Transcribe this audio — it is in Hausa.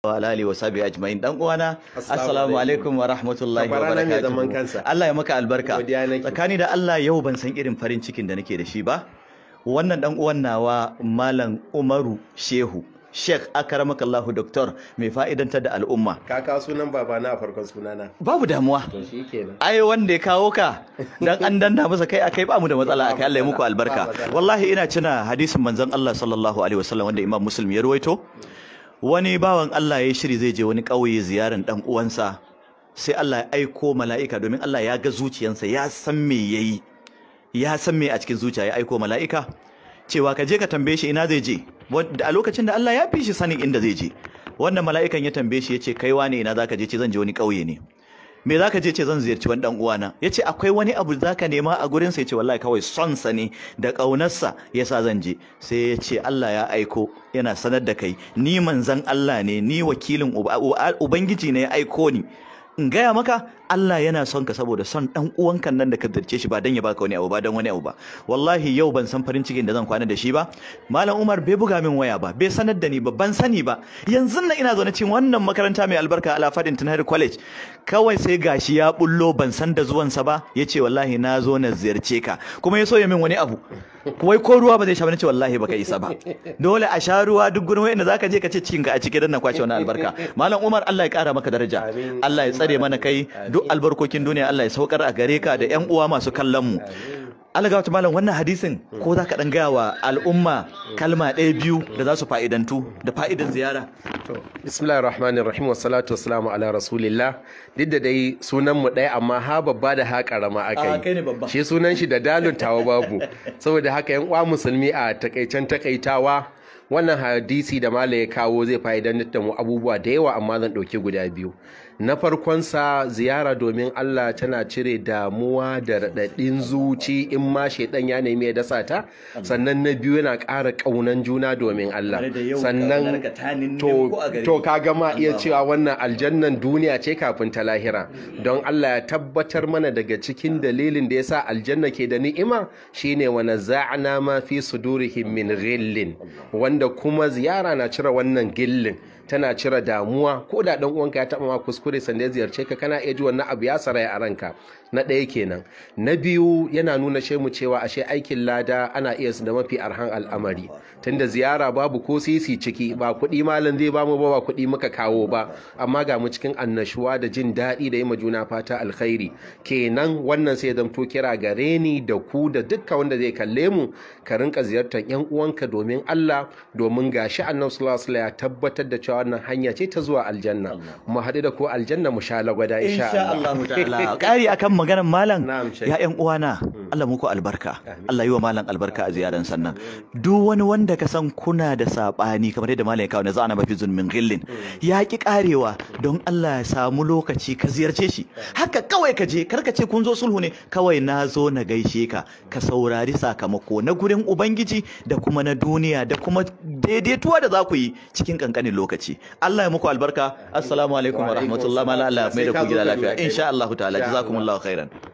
wa wa sabi ajma'in dan uwana assalamu alaikum wa rahmatullahi wa barakatuh Allah ya maka albarka tsakani da Allah yau ban san irin farin cikin da nake da shi ba wannan dan uwan nawa malam Umaru Shehu Sheikh akaramaka Allah doktor mai fa'idantar da al'umma ka kawo sunan babana a farkon sunana babu damuwa to shikenan ai wanda ya kawo ka dan an danna masa kai akai ba mu da matsala akai Allah ya muku albarka wallahi ina cina hadisin manzon Allah sallallahu alaihi wasallam wanda Imam Muslim ya ruwaito wani bawan Allah ya shiri zai je wani ƙauye ziyarar dan uwansa sai Allah ya aiko mala'ika domin Allah ya ga zuciyansa ya san me yayi ya san me a cikin zuciya ya aiko mala'ika cewa ka je ka tambaye shi ina zai je a lokacin da Allah ya fi shi sanin inda zai je wannan mala'ikan ya tambaye shi ya ce kai wane ina zaka je ce zan je wani ƙauye ne me zaka je ce zan ziyarci wani dan uwana yace akwai wani abu zaka nema a gurin sa yace wallahi kawai son sa ne da kaunarsa yasa zan je sai yace Allah ya aiko yana sanar da kai ni manzon Allah ne ni wakilin ubangiji ne ya aiko ni in gaya maka Allah yana son ka saboda son dan uwanka nan da ka dirce shi ba dan ya baka wani abu ba dan wani abu ba wallahi yau ban san farin cikin da zan kwana da shi ba malam Umar bai buga min waya ba bai sanar da ni ba ban sani ba yanzu nan ina zaune cikin wannan makaranta mai albarka Ala Fadin Tunahir College kawai sai gashi ya bullo ban san da zuwansa ba yace wallahi na zo na ziyarce ka kuma ya so ya min wani abu wai ko ruwa ba zai sha ba nace wallahi baka isa ba dole a sha ruwa duk gurin wayanda zaka je ka ce cin ka a cike dan na kwace wannan albarka malam Umar Allah ya kara maka daraja Allah ya tsare mana kai duk albarkokin duniya Allah ya saukar a gare ka da 'yan uwa masu kallon mu Allah malam wannan hadisin ko zaka ka ɗan gaya wa al'umma kalma ɗaya biyu da za su fa'idantu da fa'idan ziyara to bismillahir rahmanir rahim wa salatu wassalamu ala rasulillah duk da dai sunan mu ɗaya amma ha babba da ha karama yi shi sunan shi da dalun tawa babu saboda haka yan uwa musulmi a takaicen takaitawa wannan hadisi da mala ya kawo zai fa'idan da mu abubuwa da yawa amma zan ɗauki guda biyu na farkon sa ziyara domin Allah tana cire damuwa da raɗaɗin zuci in ma shaidan ya nemi ya dasa ta sannan na biyu yana ƙara ƙaunan juna domin Allah sannan to a gare to kaga ma iya cewa wannan aljannan duniya ce kafin ta lahira don Allah ya tabbatar mana daga cikin dalilin da yasa aljanna ke da ni'ima shine wa naza'na ma fi sudurihim min ghillin wanda kuma ziyara na cire wannan gillin tana cire damuwa ko da dan uwanka ya taba ma kuskure sanda ya ziyarce ka kana iya ji wannan abu ya saraya a ranka na ɗaya kenan na biyu yana nuna shemu cewa ashe aikin lada ana iya su da mafi arhan al'amari tunda ziyara babu ko sisi ciki ba kuɗi malam zai bamu ba ba kuɗi muka kawo ba amma ga mu cikin annashuwa da jin daɗi da yi ma juna fata alkhairi kenan wannan sai zamto kira gare ni da ku da dukkan wanda zai kalle mu ka rinka ziyartar yan uwanka domin Allah domin gashi annabi sallallahu alaihi ya tabbatar da cewa wannan hanya ce ta zuwa aljanna mu haɗu da ku aljanna mu sha lagwada insha Allah maganar malam ya ƴan uwana hmm. Allah muku albarka Allah yi wa malam albarka a ziyaran sannan duk wani wanda ka san kuna da sabani kamar yadda malam ya kawo na a mafi fi zulmin ghillin hmm. ya ki karewa don Allah ya samu lokaci ka ziyarce shi hmm. haka kawai ka je ka ce kun zo sulhu ne kawai na zo na gaishe ka ka saurari sakamako na gurin ubangiji da kuma na duniya da kuma daidaituwa da za ku yi cikin kankanin lokaci Allah ya muku albarka assalamu alaikum wa rahmatullahi wa Allah ya mai da ku gida lafiya insha Allah ta'ala jazakumullahu khairan